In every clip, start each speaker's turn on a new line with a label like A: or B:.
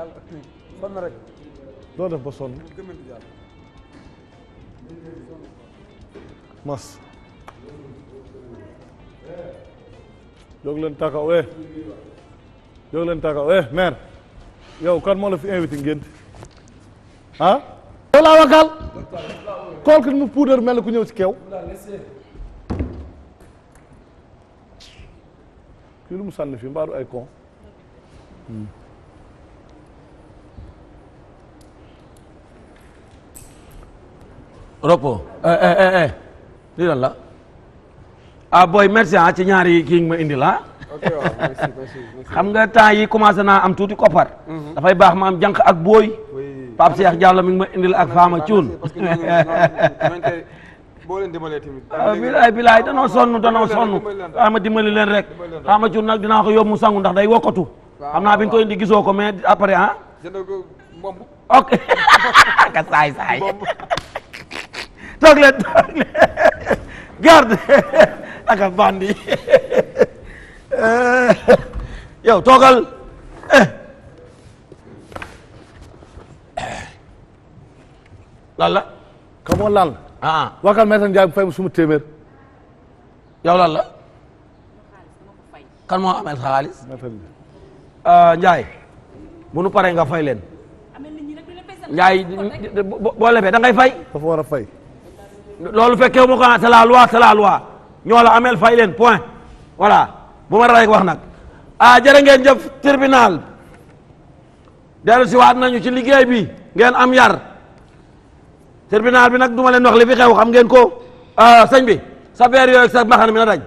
A: daal ak kii sonn rek. loo def ba sonn. we jóg leen eh. eh, kan moo fi invité ngént ah yow laa wakal kool ki mu puudar mel ku ñëw ci kew kii lu mu sànni fii ay kon hmm.
B: repos eh, eh, eh, lii lan la a ah, booy merci ah ci ñaari kii ma indi la xam nga temps yi commencé naa am tuuti koppar mhm. dafay baax ma am jànq ak boy Pape Cheikh Diallo mi ngi ma indil ak Fama Thioune boo leen dimbalee tamit ah, bilaay bilaay danoo sonn danoo sonn xama dimbali leen rek xama cun nag dinaa ko yóbbu sangu ndax day wokkatu xam naa bi nga koy gisoo ko mais après ah
C: ok ka saay saay
B: toog leen garde ak bandi eh, yow toogal eh.
A: lan la ka moon laal ah, ah. waakal maître Ndiaye fay bu suma téeméer yow lan
B: la kan moo amel xaalis eh, Ndiaye bu nu paree nga fay leen Ndiaye boo lebee da ngay fay loolu fekkee mu ko ah, c'est la loi c'est la ameel fay leen point voilà bu ma rek wax nag ah jërë ngeen jëf tribunal dellu si waat nañu ci liggéey bi ngeen am yar tribunal bi nag duma leen wax li fi xew xam ngeen ko ah, sëñ bi sa veer yooyu sa mbaxana mi na daj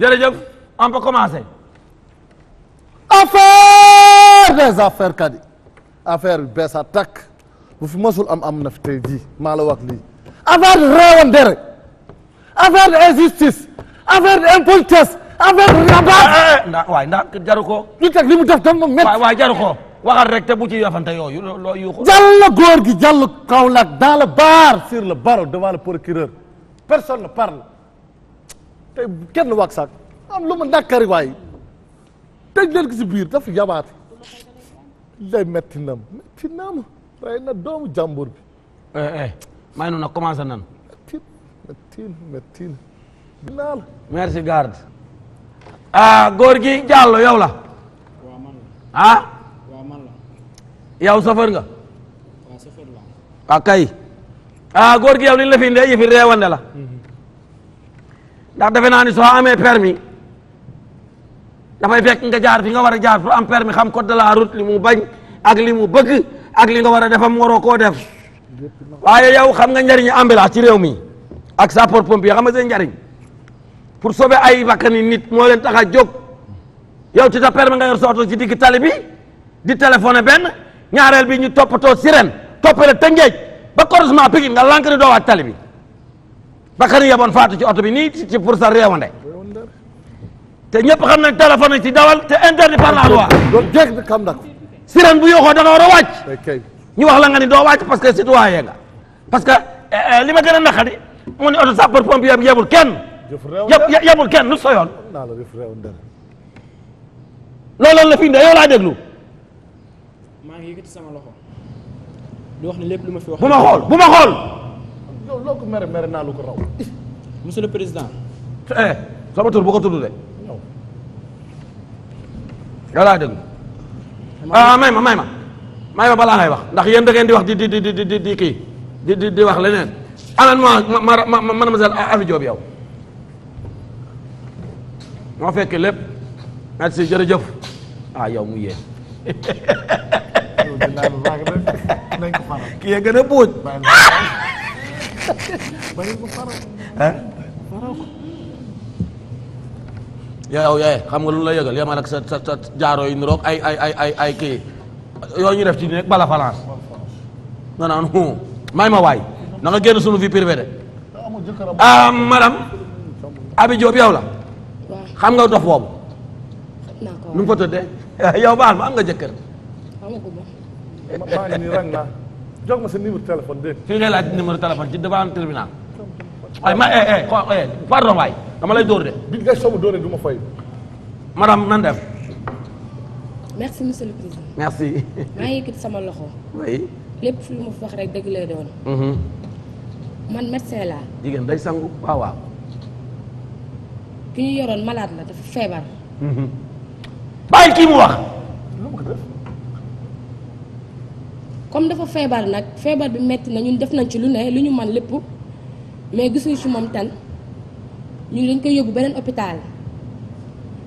B: jërëjëf on peut commencer
A: affaire des affaires kadi affaire bi bees a takk bu fi masul am am na fi tey jii maa la wax lii affaire de réewante affaire de injustice
B: affaire de impolitesse affaire de rabaa eh, eh, eh, waay ndax jaru ko ñu teg li mu def dam ma met waay jaru ko
A: la góor le bar sur procureur personne ne parle te kenn wax sax am lu ma nàkkari waay tëj leen ko si biir daf yabaate lay metti na ma metti naa ma rey na doomu jàmbur eh, eh,
B: garde. ah góor gi Diallo yow la.
C: waaw
B: man yow safar nga. waaw safar la. ah, ah kay. Ah, góor gi la fi indee yëfi réewande la. Mhm. ndax defe naa amee permis. dafay fekk nga jaar fi nga war a jaar pour am permis xam code de la mu bañ ak li mu bëgg ak li nga war a defam waroo koo def waaye yow xam nga njariñ ambulance ci réew mi ak sapeur pompier xam nga seen njariñ pour soobe ay bakkani nit moo leen tax a jóg yow ci sa permis nga yor sooto ci digg tali bi di téléphoné benn ñaareel bi ñu toppatoo sirène toppale tëngeej ba croisement Pikine nga lànk ni doowaat tali bi bakkani yeboon faatu ci oto bi nii ci pour sa réewande te ñëpp xam nañ téléphone ci dawal te interdit par la loi. loolu bu yokkoo da nga war a
A: wàcc.
B: ñu wax la nga ni doo wàcc parce que parce que eh, eh, li ma gën a naqari mu ne oto sapeur pompier bi yebul kenn. jëf yebul kenn lu la fi indee yow
A: maa ngi sama loxo.
B: di wax ne lépp lu ma fi wax. bu ma xool bu ma xool.
A: yow loo ko le président. Eh, sama tur bu de.
B: yow laa déglu ah, ah may ma may ma may ma balaa ngay wax ndax yéen da ngeen di wax di di di di di di di di wax leneen anan ma ma ma ma mademoiselle Afi Diop yow moo fekk lépp merci jërëjëf ah yow mu yee. kii ya gën a yow yee xam nga lu la yëgal yemal ak sa sa sa jaaro yi niroog ay ay ay ay ay kii yooyu ñu def ci nekk bala balance nga naan may ma waay na nga génn sunu vie privée de ah madame Abi Diop yow la xam nga dof boobu nu mu ko tëddee yow baal ma am nga jëkkër jox ma sa numéro téléphone de fii ngay laaj numéro téléphone ci devant tribunal waay ma eh eh, eh pardon waay dama lay dóor de. bi nga soobu dóoree du ma fay. madame nan def.
D: merci monsieur le président.
B: merci. maa ngi
D: yëkkati sama loxo. oui. lépp fu lu ma wax rek dëgg lay doon. Mhm. man médecin laa.
B: jigéen day sangu waaw
D: ki ñu yoroon malaat la dafa feebar.
B: Mhm. bàyyi kii mu wax.
D: comme dafa feebar nag feebar bi metti na ñun def nañ ci lu ne lu ñu man lépp mais gisuñu ci moom tan ñu lañ koy yóbbu beneen hôpital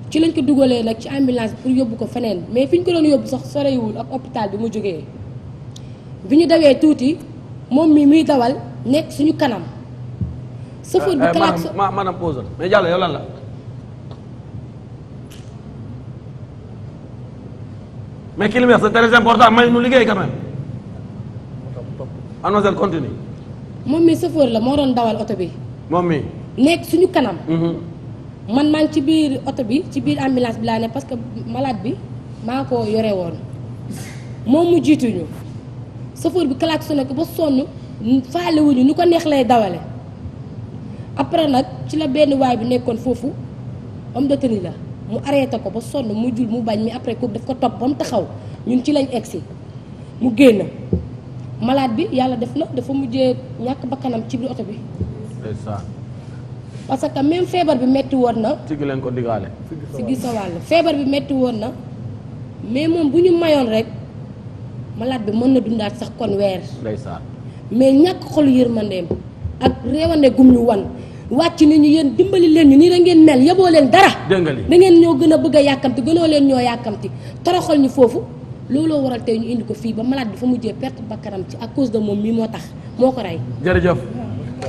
D: ci lañ ko dugalee nag ci ambulance pour yóbbu ko feneen mais fi ñu ko doon yóbbu sax sorewul ak hôpital bi mu jógee bi ñu dawee tuuti moom mi muy dawal nekk suñu kanam. sëfër bi kalaax
B: ma maanaam pause mais Diallo yow la. mais ki li muy wax c'est très important may moom
D: mi la moo doon dawal oto bi. nekk suñu kanam. Mhm. man maa ci biir oto bi ci biir ambulance bi laa ne parce que malade bi maa ko yore woon moom mu jiituñu chauffeur bi kalaat klaxonné ko ba sonn faalewuñu nu ko neex lay dawale après nag ci la benn waay bi nekkoon foofu am de tenue la mu arrêté ko ba sonn mu jul mu bañ mi après kooku daf ko topp ba taxaw ñun ci lañ egg si mu génn malaat bi yàlla def na dafa mujjee ñàkk bakkanam ci biir oto bi. parce que même feebar bi metti woon na.
B: sigg leen ko digaale.
D: sigg sa wàll feebar bi metti woon na mais moom bu ñu mayoon rek malade bi mën na dundaat sax kon weer. ndeysaan mais ñàkk xolu yërmandeem ak réewande gum ñu wan. wàcc ni ñu yéen dimbali leen ñu nii da ngeen mel yeboo leen dara. dëngali da ngeen ñoo gën a bëgg a yàkkamti gënoo leen ñoo yàkkamti toroxal ñu foofu looloo waral tey ñu indi ko fii ba malade bi fa mujjee perte bakkanam ci ak cause de moom mii moo tax moo ko rey.
B: jërëjëf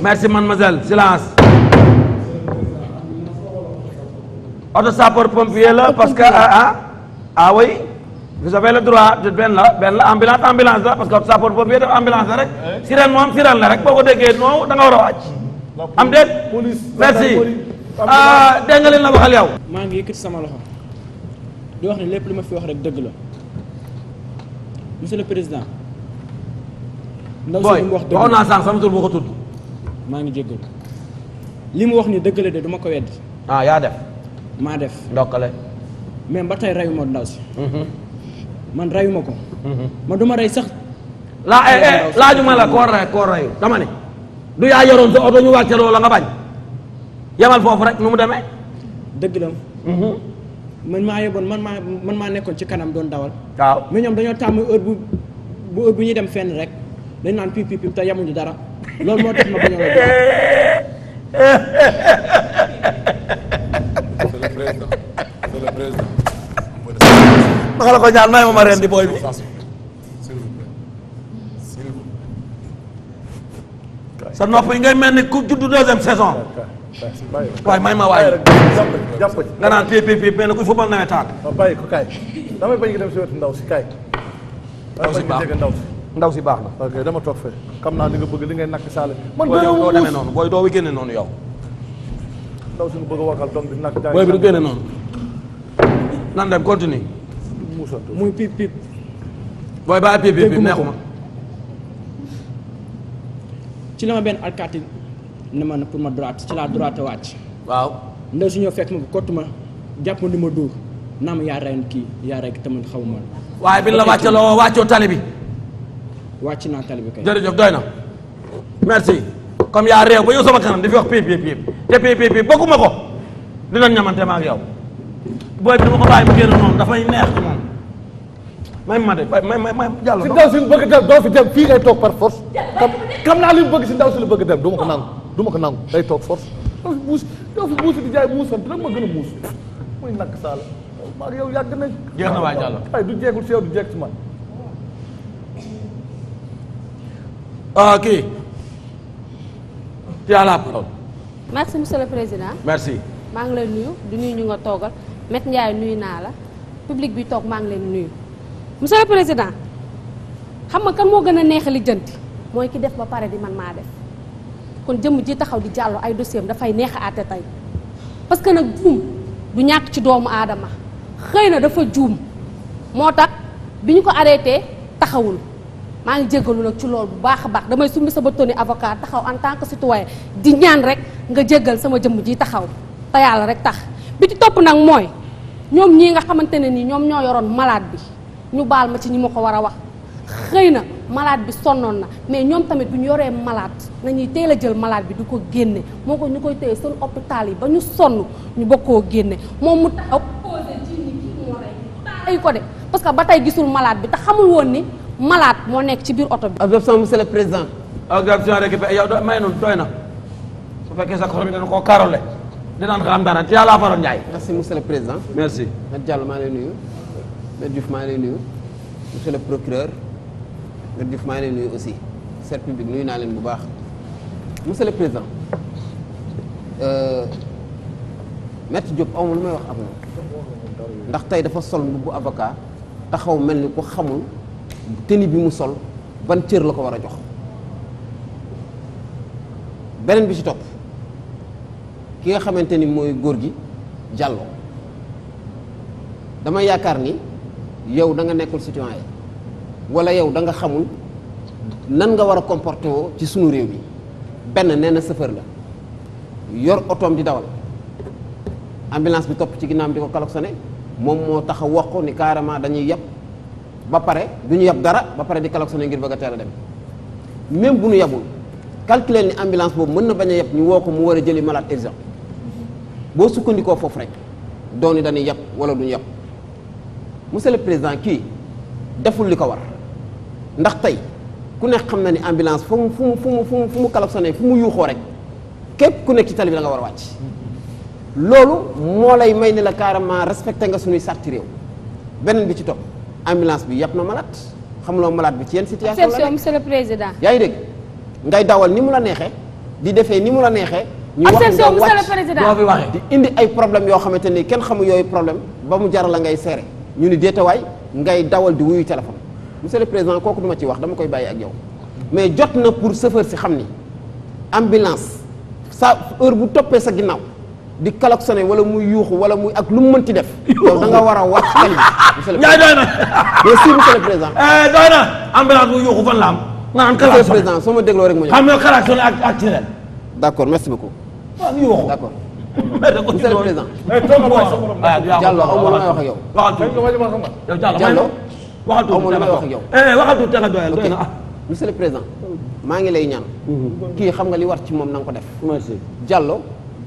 B: merci mademoiselle silence. oto sapeur pompier la parce que ah, ah ah oui vous avez le droit de benn la benn la ambulance ambulance la parce que oto sapeur pompier def ambulance la rek sirène moom sirène la rek boo ko déggee noonu da war a wàcc am déet merci
E: ah, dégg nga leen la yow
B: maa ngi yëkkati sama loxo di wax ne lépp li ma fi wax rek dëgg la monsieur le président ndaw si li naa sànq sama tur boo ko tudd maa ngi jéggal li mu wax ni dëgg la du ma ko wedd ah, yaa def maa def ndokkale mais ba tey reyuma ndaw si mhm. man reyuma ko mhm. man du ma rey sax laa eh, eh, laajuma la koo rey koo reyu dama ne du yaa yoroon sa oto ñu wàcce loolu la nga bañ yamal foofu rek nu mu demee dëgg la mhm. man maa yeboon man maa man maa nekkoon ci kanam doon dawal waaw mais ñoom dañoo tàmm heure bu ñuy dem fenn rek dañ naan pip pip te yemuñu dara loolu moo tax ma bañ a maa la ko ñaan may ma ma rendi booy bi. sa nopp yi ngay mel ni ku juddu deuxième saison.
E: waaye may ma waay.
A: jàpp ci nga naan pipi pipi mel ni ku football nawetaan. bàyyi ko kaay damay bañ dem si wetu ndaw si kaay. ndaw si baax na ndaw si baax na. ok dama toog fee xam naa li nga bëgg li ngay nakk saale. man booy yow doo demee noonu
B: booy doo génne noonu yow.
A: ndaw si nga bëgg a waxal doom bi nakk jaay. booy bi du
B: génne noonu. nan dem continue. muusantu muy pip pip. booy bàyyi pip pip neexuma ci la ma benn alkaati ne pour ma droite ci laa droite wàcc. waaw ndaw si ñëw fekk ma kott ma jàpp ma di ma dóor naa ma yaa kii yaa rey tamit xaw ma.
A: waaye bi la wàccaloo wàccoo
B: tali bi.
C: wàcc naa tali bi
B: kay. jërëjëf doy na. merci comme yaa réew ba yow sama kanam dafi wax pip pip te pip pip bëgguma ko dinañ ñamante ma ak yow booy bi dama ko bàyyi mu génn moom dafay neex moom.
A: may ma de may may may jàll. si ndaw si bëgg dem doo fi dem fii ngay toog par force. xam xam naa li mu bëgg si ndaw si la bëgg dem du ma ko nangu ah. du ma ko nangu day toog force. doo fi buus doo fi buus di jaay muusante nag ma gën a muus muy nakk saala maa yow yàgg nañ. jeex na waay jàll. ay du jeegul si yow du jeeg ci man.
B: ah kii. tu as la parole.
F: merci monsieur le président. merci. maa ngi lay nuyu di nuyu ñu nga toogal Met Ndiaye nuyu naa la public bi toog maa ngi leen nuyu. monsieur le président xam nga kan moo gën a neex li jënti mooy ki def ba pare di man maa def kon jëmm ji taxaw di jàllu ay dossier dafay neex a àtte tey parce que nag juum du ñàkk ci doomu aadama xëy na dafa juum moo tax bi ñu ko arrêté taxawul maa ngi jéggalu nag ci loolu bu baax a baax damay summi sama tenue avocat taxaw en tant que citoyen di ñaan rek nga jéggal sama jëmm ji taxaw te yàlla rek tax bi ci topp nag mooy ñoom ñii nga xamante ne nii ñoom ñoo yoroon malade bi ñu baal ma ci ñi ma ko war a wax xëy na malaat bi sonnoon na mais ñoom tamit bu ñu yoree malade nañuy teel a jël malaat bi du ko génne moo ko ñu koy téye seen hôpital yi ba ñu sonn ñu bokkoo génne moom mu taxaw ay ko de parce que ba tey gisul malaat bi te xamul woon ni malaat moo nekk ci biir oto bi. objection monsieur le
C: président. objection récupéré yow may noonu tooy na su fekkee sa xorom yi dañu koo karole
B: dinaan xam dara ci yàlla faroon Ndiaye.
C: merci monsieur président. merci. Mat Diallo maa ngi lay nuyu. Maître Diouf maa ngi nuyu monsieur procureur Maître Diouf maa ngi nuyu aussi serre publique nuyu naa leen bu baax monsieur le président euh, Maître Diop amul lu may wax am
G: na ndax
C: tey dafa sol mbubbu avocat taxaw mel ni ku xamul tenue bi mu sol ban cër la ko war a jox beneen bi ci topp ki nga xamante ni mooy góor gi Diallo dama yaakaar ni yow da nga nekkul citoyen wala yow da nga xamul nan nga war a comporté woo ci sunu réew bi benn nee na chauffeur la yor otoom di dawal ambulance bi topp ci ginnaawam di ko klaxonné moom moo tax a wax ko ni carrément dañuy yab ba pare du ñu yab dara ba pare di klaxonné ngir ba a teel dem même bu ñu yabul calculer ni ambulance boobu mën na bañ a yab ñu woo ko mu war a jëli malaat urgent boo sukkandikoo foofu rek yi dañuy yab wala du ñu yab. monsieur le président kii deful li ko war ndax tey ku nekk xam na ni ambulance fu mu fu mu fu mu fu mu fu mu yuuxoo rek képp ku nekk ci tali bi nga war a wàcc loolu moo lay may ne la carrément respecté nga suñuy sarti réew beneen bi ci topp ambulance bi yàpp na xam xamuloo malaat bi ci yenn situation la
F: monsieur le président yaa
C: ngi dégg ngay dawal ni mu la neexee di defee ni mu la neexee ñu wax nga wàcc di indi ay problème yoo xamante ni kenn xamu yooyu problème ba mu jaral la ngay seere ñu ni déetawaay ngay dawal di wuyu téléphone monsieur le président kooku duma ci wax dama koy bàyyi ak yow mais jot na pour chauffeur si xam ni ambulance sa heure bu toppee sa ginnaaw di klaxonné wala muy yuuxu wala muy ak lu mu mënti def. yow da nga war a wàcc tali bi. Ndiaye doy na. mais si monsieur le président. Eh, doy na ambulance bu yuuxu fan la am. nga am klaxon monsieur le président soo ma dégloo rek ma ñëw. xam nga klaxon ak ak d' accord merci beaucoup. waaw ah, yuuxu d' mais da ko ci doon mais lu may wax ak yow. waxal tuuti lu may wax ak yow. waxal tuuti danga président maa ngi lay ñaan. Mhm. kii xam nga li war ci moom na ko def. merci Diallo.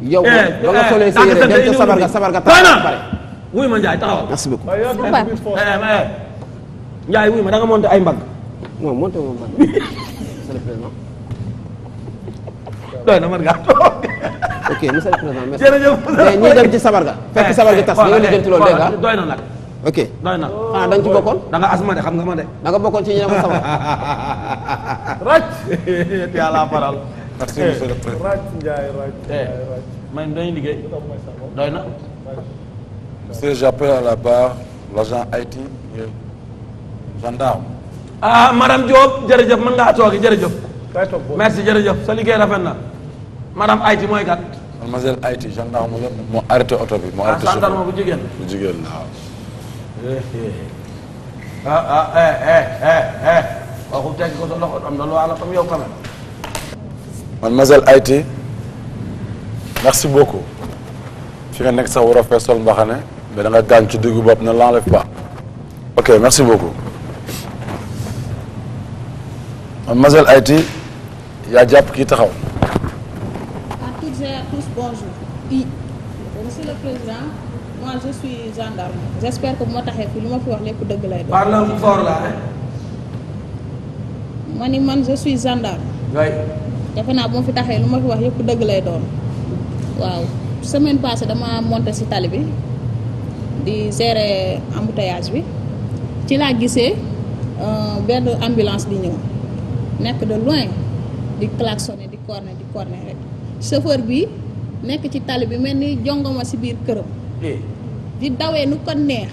C: yow eh, ba nga eh, solee sa yére dem ca sabar ga sabar taxawal. merci eh,
B: wuy ma da nga ay mbagg. non monté wu ma président. doy na mën ngaa toog. ok eh, monsieur le président merci jërëjëf mais ñi dem ci
C: sabar ga fekk sabar gi tas ñu ngi lijjanti loolu dégg nga doy na nag ok doy na ah da nga ci bokkoon da nga asma de xam nga ma de da nga bokkoon ci ñi dama sabar raj yàlla
B: faral
E: merci monsieur le président
A: raj njaay raj raj man dañuy liggéey doy na
E: monsieur j'appelle à la barre l'agent Haïti gendarme
B: ah madame Diop jërëjëf mën ngaa toogi jërëjëf merci jërëjëf sa liggéey rafet na madame Aïti mooy kat.
E: mademoiselle Aïti gendarme la moo arrêté oto bi moo arrêté. Ah, gendarme bu jigéen bu jigéen la
A: waaw.
B: ah ah eh eh eh kooku eh, eh, eh, teg ko sa loxo am na lu wàll comme yow quand même.
E: mademoiselle Aïti merci beaucoup. fi nga nekk sax war a fee sol mbaxane mais da nga gaañ ci diggu bopp ne l'enlève pas. ok merci beaucoup. mademoiselle Aïti yaa jàpp kii taxaw.
G: cher tous, bonjour. Oui. Monsieur le Président, moi je suis gendarme. J'espère que bu ma taxee fii lu ma fi wax lépp dëgg lay doon. parle fort là. ma naa bu fi taxee lu ma fi yëpp dëgg lay doon. waaw semaine passée dama monté ci tali bi di gérer embouteillage bi ci laa gisee euh, benn ambulance di ñëw nekk de loin di klaxonné di corné di corné rek. chauffeur bi nekk ci tali bi mel ni jongoma ci biir këram. Eh. di dawee nu ko neex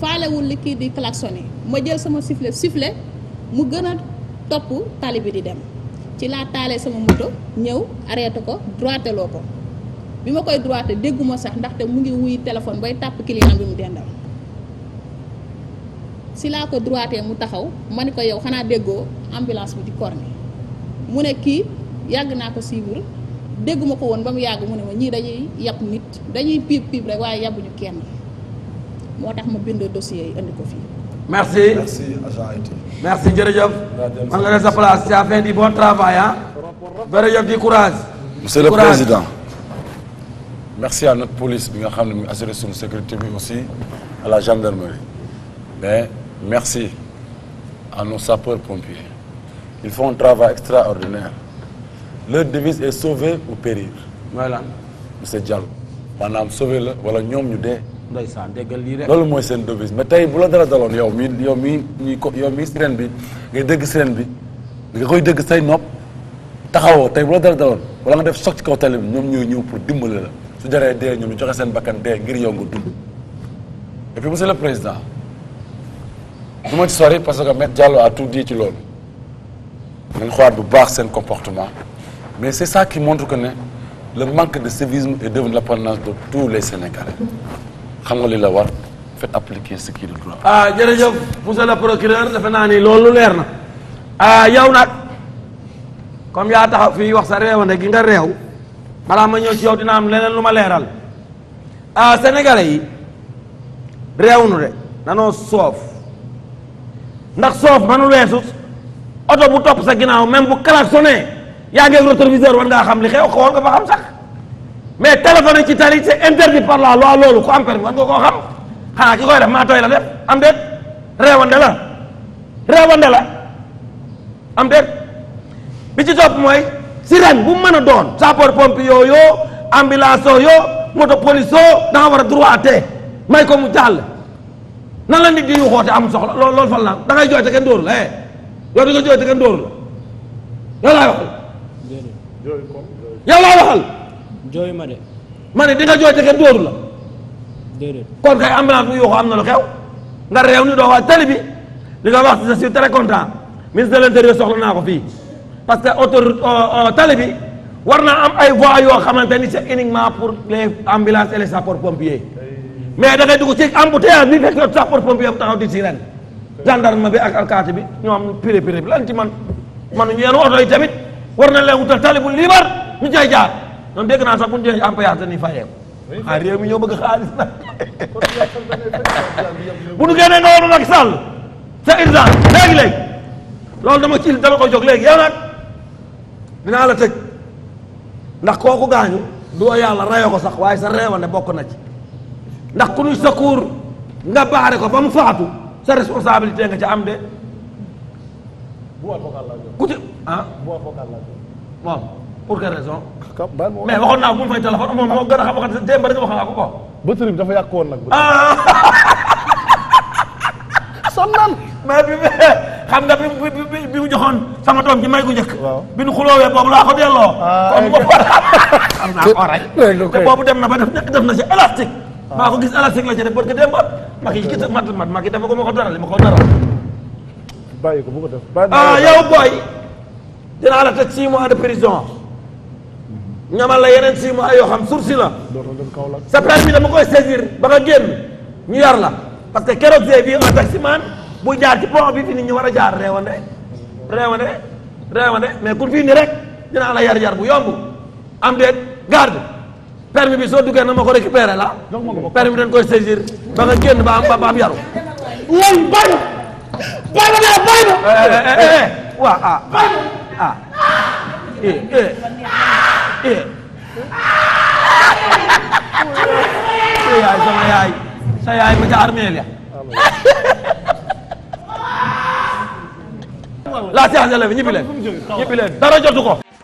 G: faalewul li kii di klaxonné ma jël sama sifflet sifle mu gën a topp tali bi di dem ci laa taalee sama moto ñëw arrêté ko droité ko bi ma koy droité dégguma sax ndaxte mu ngi wuy téléphone bay tàpp client bi mu dendal ci laa ko droité mu taxaw ma ni ko yow xanaa déggoo ambulance bi di corné mu ne kii. yàgg naa ko suivre dégguma ko woon ba mu yàgg mu ne ma ñii dañuy yab nit dañuy piib piib rek waaye ñu kenn moo tax ma bind dossier yi indi ko fii.
B: merci merci merci jërëjëf. man nga def sa place c'est
E: la fin di courage. monsieur le président. merci à notre police bi nga xam ne mu assuré suñu sécurité bi aussi à la gendarmerie mais merci à nos sapeurs pompiers ils font un extraordinaire. leur devise et sauver ou périr. voilà. monsieur Diallo maanaam sauver la wala ñoom ñu dee.
B: ndeysaan déggal lii rek. loolu mooy
E: seen devise mais tey bu la dara daloon yow mi yow mi ñuy ko yow mi sirène bi ngay dégg sirène bi nga koy dégg say nopp taxawoo tey bu la dara daloon wala nga def soog ci kaw tali bi ñoom ñooy ñëw pour dimbali la su jaree dee ñoom ñu joxe seen bakkan dee ngir yow nga dund. et puis monsieur le président du ma parce que Maître Diallo a tout dit ci loolu. nañ xoolaat bu baax seen comportement. mais c'est ça qui montre que ne le manque de civisme est devenu l'apanage de tous les Sénégalais xam nga lii la war faites appliquer ce qui est le droit.
B: Ah, defe naa ni loolu leer na ah yow nag comme yaa taxaw fii wax sa réewande gi nga réew balaa ma ñëw ci yow dina am leneen lu ma leeral ah sénégalais yi réew nu de danoo soof ndax soof manu weesu oto bu topp sa ginnaaw même bu klaxonné. yaa ngi ak war ngaa xam li xew xool nga fa xam sax mais téléphone ci tali c'est interdit par la loi loolu ku am permis war nga koo xam xanaa ki koy def maa tooy la def am déet reewande la reewande la am déet bi ci topp mooy sirène bu mën a doon sapeur pompier yooyu ambulance yooyu moto police yoo war a droité may ko mu jàll nan la nit di yu xoote am soxla loolu fan la da jooy te kenn la eh yow di jooy te kenn la yow laa waxal. jooy ma de. ma ne di nga jooy te kenn dóoru la. déedéet kon kay ambulance bu yoo xam am na lu xew. nga réew ni doo wax tali bi li nga wax je suis très content de l' intérieur soxla naa ko fii parce que autoroute euh, euh, tali bi war naa am ay voies yoo xamante ni c' est uniquement pour les ambulances et les sapeurs pompiers mais da ngay dugg ci embouteillage bi fekk sapeur pompier bu taxaw di si ren gendarme bi ak alkaati bi ñoom piré piré bi lan ci man man yenn yi tamit. war na leen wutal tali bu liibar ñu cay jaar ñoom dégg naa sax bu ñu jëlee employeur dañuy fayeeku ah réew mi ñoo bëgg xaalis nag bu ñu génnee nga waroon ak Sall c'est urgent léegi léegi loolu dama ci dama ko jóg léegi yow nag dinaa la tëj ndax kooku gaañu doo yàlla rayoo ko sax waaye sa reewande bokk na ci ndax ku ñuy secours nga baare ko ba mu faatu sa responsabilité nga ci am de. bu avocat laa jot. ku ci ah. bu avocat laa jot. waaw pour quelle raison. mais waxoon naa moom mu fay téléphone moom moo gën a xam waxati démb rek wax naa ko quoi.
A: batterie ah. bi dafa yàq woon bi
B: xam nga bi bi bi mu sama doom ji may gu njëkk. waaw bi nu xuloowee boobu laa ko delloo. comme ah, boobu am naa ko rek. dem na ba def def na ci élastique. Ah. maa ko gis élastique la ci def parce que ko ma ko dara
E: bàyyi ko bu ko def ah
B: yow booy dinaa la tëj six mois de prison ñamal la yeneen six mois yoo xam sursi la sa da dama koy saisir ba nga génn ñu yar la parce que keroog see bii un taximan bu jaar ci pont bi fi nit ñi war a jaar reewande reewande reewande mais ku fii ni rek dinaa la yar yar bu yomb am déet garde permis bi soo duggee na ma ko récupéré la permis bi dañ koy saisir ba nga génn ba am ba am yaru lan bañ bàyyi ma dara bàyyi ma. waaw ah ah eh eh eh. yaay sama yaay sa yaay ma ca armeel ya. la séance la bi ñibbi leen ñibbi leen dara jotu ko.